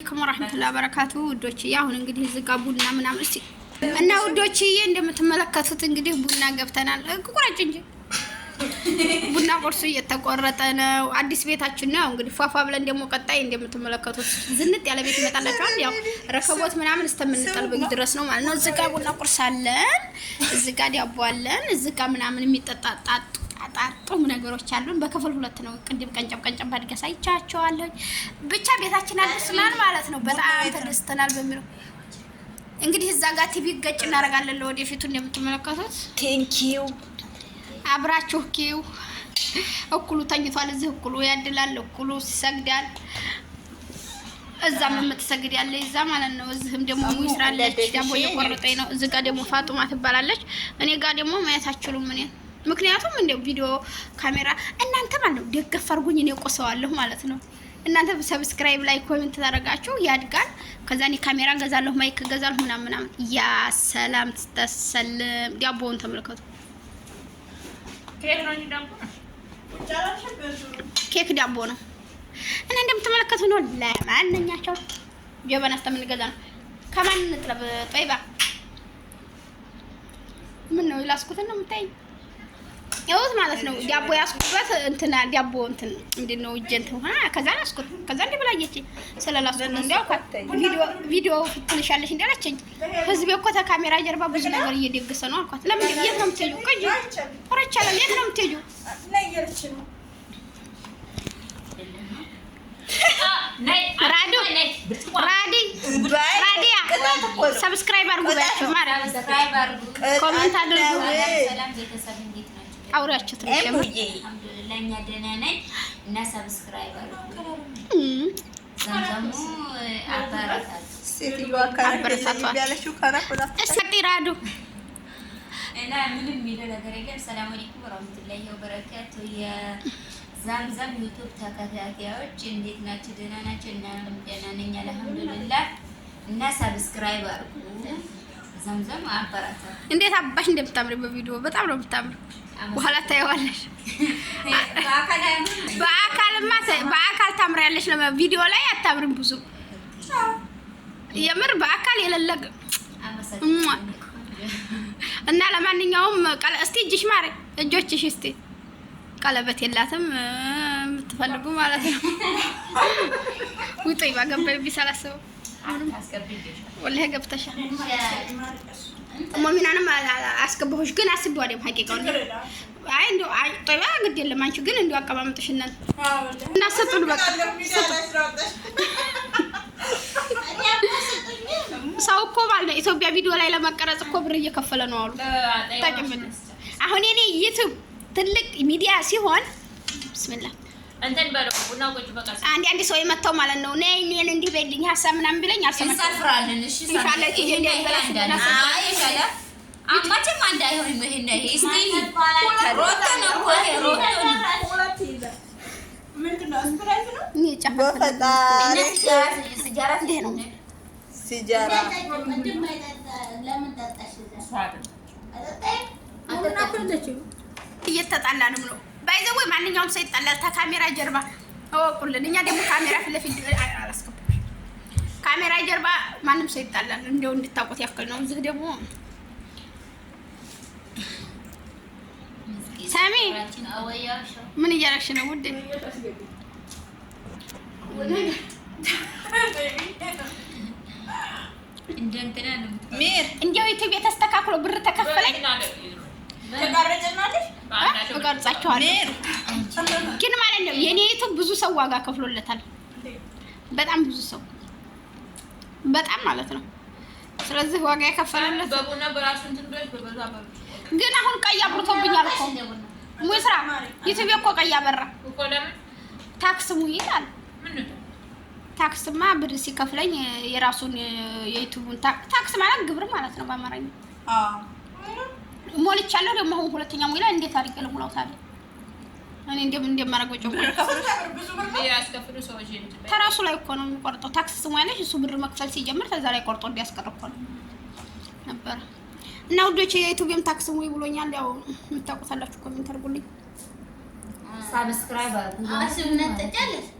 አለይኩም ወራህመቱላሂ በረካቱ ውዶች፣ አሁን እንግዲህ እዚህ ጋር ቡና ምናምን እስቲ እና ውዶች እንደምትመለከቱት እንግዲህ ቡና ገብተናል። ቁቁራጭ እንጂ ቡና ቁርሱ እየተቆረጠ ነው። አዲስ ቤታችን ነው እንግዲህ ፏፏ ብለን ደግሞ ቀጣይ እንደምትመለከቱት ዝንጥ ያለ ቤት ይመጣላችኋል። ያው ረከቦት ምናምን እስከምንጠልበግ ድረስ ነው ማለት ነው። እዚህ ጋር ቡና ቁርስ አለን፣ እዚህ ጋር ዳቦ አለን፣ እዚህ ጋር ምናምን የሚጠጣጣጡ የሚያጣጣጥሙ ነገሮች አሉን። በክፍል ሁለት ነው ቅድም ቀንጨም ቀንጨም ባድጋ ሳይቻቸዋለሁ። ብቻ ቤታችን አድርስናል ማለት ነው። በጣም ተደስተናል በሚለው እንግዲህ እዛ ጋር ቲቪ ገጭ እናደርጋለን ለወደፊቱ እንደምትመለከቱት። ቴንኪው አብራችሁ ኪው እኩሉ ተኝቷል፣ እዚህ እኩሉ ያድላል፣ እኩሉ ይሰግዳል። እዛም የምትሰግድ ያለ ይዛ ማለት ነው። እዚህም ደግሞ ሙስራለች ዳቦ እየቆረጠኝ ነው። እዚህ ጋር ደግሞ ፋጡማ ትባላለች። እኔ ጋር ደግሞ ማየት አችሉም እኔን ምክንያቱም እንደው ቪዲዮ ካሜራ እናንተ ማለት ነው ደገፍ አርጉኝ፣ እኔ ቆሰዋለሁ ማለት ነው። እናንተ ሰብስክራይብ ላይ ኮሜንት ታደርጋችሁ ያድጋል። ከዛ እኔ ካሜራ ገዛለሁ፣ ማይክ ገዛለሁ፣ ምናምን ምናምን። ያ ሰላም ትተሰልም ዳቦውን ተመልከቱ። ኬክ ዳቦ ነው እና እንደምትመለከቱ ነው። ለማንኛቸው ጀበና እስከምንገዛ ነው። ከማን እንጥለብ? ጦይባ ምን ነው ይላስኩትን ነው የምታይ ይኸውት ማለት ነው ዳቦ ያስኩበት እንትና ዳቦ እንትን ምንድን ነው እጄ እንትን ሆና ከዛ ያስኩት ከዛ እንደ ብላየች ስለላስኩት እንዲያውኳት ቪዲዮ ቪዲዮ ትንሻለሽ እንዳለችኝ ህዝቤ እኮ ተካሜራ ጀርባ ብዙ ነገር እየደገሰ ነው አልኳት። ለምን የት ነው የምትሄጂው? ቆይ ኮረቻለም የት ነው የምትሄጂው? ራዲ ራዲ ራዲያ ሰብስክራይብ አድርጉ፣ ኮሜንት አድርጉ። አውሪያቸው ትንሽ ለእኛ ደህና ነኝ እና ሰብስክራይብ አበረታቷል። እና ምንም የሚለው ነገር የለም። ሰላም አለይኩም ወራህመቱላሂ ወበረካቱ። የዛምዛም ዩቱብ ተከታታዮች እንዴት ናቸው? ደህና ናቸው እና ደህና ነኝ አልሐምዱሊላህ። እና ሰብስክራይብ አድርጉ። ዛምዛም አበረታቷል። እንዴት አባሽ እንደምታምሪ በቪዲዮ በጣም ነው የምታምሪ። በኋላ ታየዋለሽ። በአካል ታምሪያለሽ። ቪዲዮ ላይ አታምሪም ብዙ የምር በአካል የለለግ እና ለማንኛውም እስቲ እጅሽ ማሬ እጆችሽ እስቲ ቀለበት የላትም የምትፈልጉ ማለት ነው። ውጡኝ ባገባ ቢሰላሰቡ ወላሂ ገብተሻል። ሞሚናንም አስገባሁሽ፣ ግን አስቤው አይደል ሀቂቃውን። አይ እንደው አይ ጦይባ ግድ የለም አንቺ ግን እንደው አቀማመጥሽና እና ሰጡን በቃ ሰው እኮ ማለት ነው ኢትዮጵያ ቪዲዮ ላይ ለመቀረጽ እኮ ብር እየከፈለ ነው አሉ። አሁን የኔ ዩቲዩብ ትልቅ ሚዲያ ሲሆን ብስምላ እንትን በለው አንድ ሰው የመታው ማለት ነው። ነይ እኔን እንዲህ በልኝ ሀሳብ ምናምን ብለኝ አልሰማችም። እየተጣላንም ነው። ባይዘወይ ማንኛውም ሰው ይጣላል ከካሜራ ጀርባ እወቁልን። እኛ ደግሞ ካሜራ ፊት ለፊት አላስገባም። ካሜራ ጀርባ ማንም ሰው ይጣላል። እንደው እንድታውቁት ያክል ነው። እዚህ ደግሞ ሳሚ ምን እያደረግሽ ነው ውድ? እንደው ኢትዮጵያ ተስተካክሎ ብር ተከፈለኝ እቀርጻቸዋለሁ ግን ማለት ነው የኔ ዩቱብ ብዙ ሰው ዋጋ ከፍሎለታል። በጣም ብዙ ሰው በጣም ማለት ነው። ስለዚህ ዋጋ የከፈለለት ግን አሁን ቀይ አብርቶብኛል እኮ ሙስራ ስራ እኮ ቀይ አበራ። ታክስ ሙይ ይላል። ታክስማ ብር ሲከፍለኝ የራሱን የዩቱቡን ታክስ ማለት ግብር ማለት ነው በአማርኛ ሞልቻለሁ። ደግሞ አሁን ሁለተኛ ሞላ እንዴት አድርጌ ልሙላው ታዲያ? እኔ እንደምን እንደማረገው ተራሱ ላይ እኮ ነው የሚቆርጠው። ታክስ ስሙ ስሟለሽ እሱ ብር መክፈል ሲጀምር ከዛ ላይ ቆርጦ እንዲያስቀር እኮ ነው ነበረ። እና ውዶቼ የዩቲዩብም ታክስ ሙይ ብሎኛል። ያው የምታውቁታላችሁ ኮሜንት አድርጉልኝ። ሳብስክራይብ አድርጉ።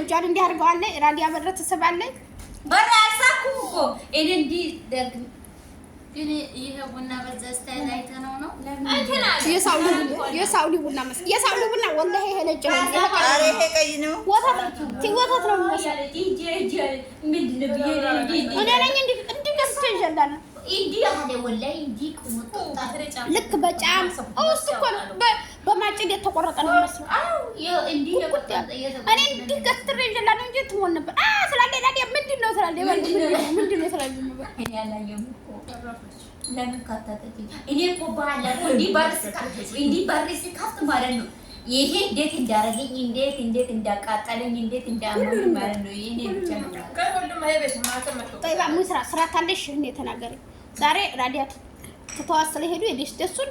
እጇን እንዲያርገዋለ ራዲያ በረ ትስባለች። በረ ያሳኩ እኮ እኔ እንዲ ግን ይሄ ቡና በዛ ስታይል አይተነው ነው የሳውዲ ቡና መስ የሳውዲ ቡና ወላሂ ይሄ ነጭ ነው። ኧረ ይሄ ቀይ ነው፣ ወተት ወተት ነው የሚመስለው። እኔ ነኝ እንዲ እንዲ ገዝቼ ይዤልሀለሁ። ልክ በጫም ውስጥ እኮ ነው በማጭድ የተቆረጠ ነው መስሎ እኔ እንዲህ ገስትሬ ይላል ነው እንጂ ትሆን ነበር ስላለ ምንድን ነው ስላለ ምንድን ነው ስላለ ለምን ካታተች? እኔ እኮ ባህላለሁ እንዲህ በር ስከፍት ማለት ነው ይሄ እንዴት እንዳደረገኝ እንዴት እንዴት እንዳቃጠለኝ እንዴት እንዳመመኝ ማለት ነው። ይሄ ብቻ ነው። ጠይባ ምን ስራ ስራ ታለሽ? እንደ ተናገረኝ ዛሬ ራዲያ ትተዋት ስለሄዱ የደስ ደሱን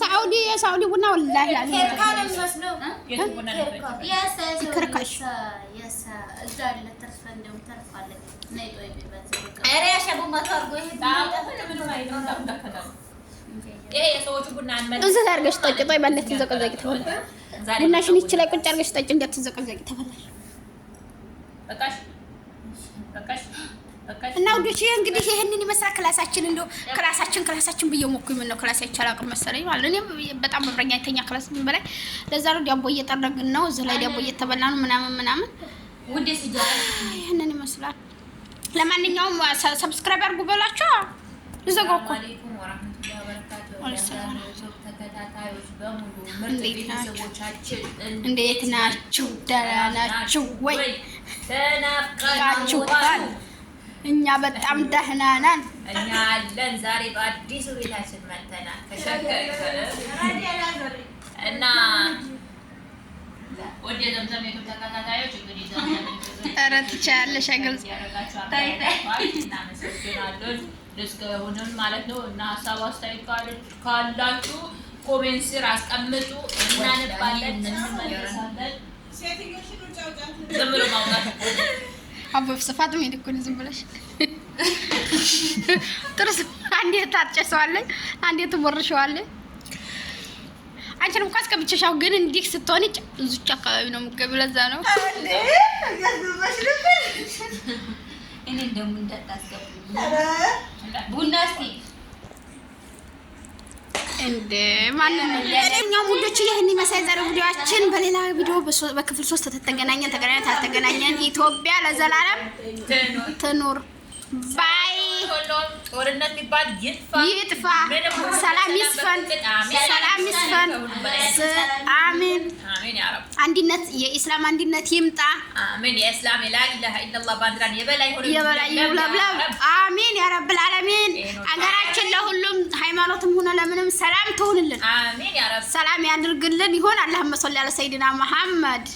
ሳውዲ የሳውዲ ቡና ወላሂ ይከርካሽ። እዚህ ጦይ ባለት ትዘቀዘቂ ተበላሽ። ቡናሽን ይቺ ላይ ቁጭ አድርገሽ ጠጪ። እንዳትዘቀዘቂ ተበላሽ። እና ውዶች ይህ እንግዲህ ይህንን ይመስላል ክላሳችን። እንደው ክላሳችን ክላሳችን ብዬ ሞኩኝ። ምነው ክላስ አቅም መሰለኝ ማለት እኔም በጣም መብረኛ የተኛ ክላስ ምን በላይ ለዛ ነው ዳቦ እየጠረግን ነው፣ እዚህ ላይ ዳቦ እየተበላ ነው ምናምን ምናምን። ይህንን ይመስላል። ለማንኛውም ሰብስክራይብ አርጉ በሏቸው። ልዘጋው እኮ እንዴት ናችሁ? ደህና ናችሁ ወይ? ናችሁ እኛ በጣም ደህና ነን። እኛ አለን። ዛሬ በአዲሱ ቤታችን መተናል ከሸገር እና ወደ ዘምዘም የቱ ተከታታዮች እንግዲህ ኧረ ትችያለሽ ግልጽ እናመሰግናለን። ደስ ማለት ነው እና ሀሳብ አስተያየት ካላችሁ ኮሜንት ስር አስቀምጡ፣ እናነባለን፣ እንመለሳለን። ዝም ብሎ ማውጣት አቦ ስፋት ምን ይልኩን ዝም ብለሽ ጥርስ አንዴ ታጨሰዋለች፣ አንዴ ትቦርሸዋለች። አንቺንም እኮ አስቀምጬሽ፣ ግን እንዲህ ስትሆን እዙች አካባቢ ነው የምትገቢው። ለዛ ነው እኔ ቡና እስኪ እንደ ውዶች ይህን ይመስላል ዛሬ ቪዲዮአችን። በሌላ ቪዲዮ በክፍል ሶስት ተገናኘን፣ ተገናኘን፣ ታልተገናኘን ኢትዮጵያ ለዘላለም ትኑር። ባይ ይጥፋ፣ ሰላም ይስፈን፣ ሰላም ይስፈን። አሜን። አንድነት የኢስላም አንድነት ይምጣ። አሜን። የኢስላም ላኢላሃ ኢለላህ ባንዲራን የበላይ ሆኖ የበላይ ይውለብለብ። አሜን ያ ረብል ዓለሚን። አገራችን ለሁሉም ሃይማኖትም ሆነ ለምንም ሰላም ትሁንልን። አሜን ያ ረብ። ሰላም ያድርግልን ይሆን። አላሁመ ሶሊ ዐላ ሰይድና መሐመድ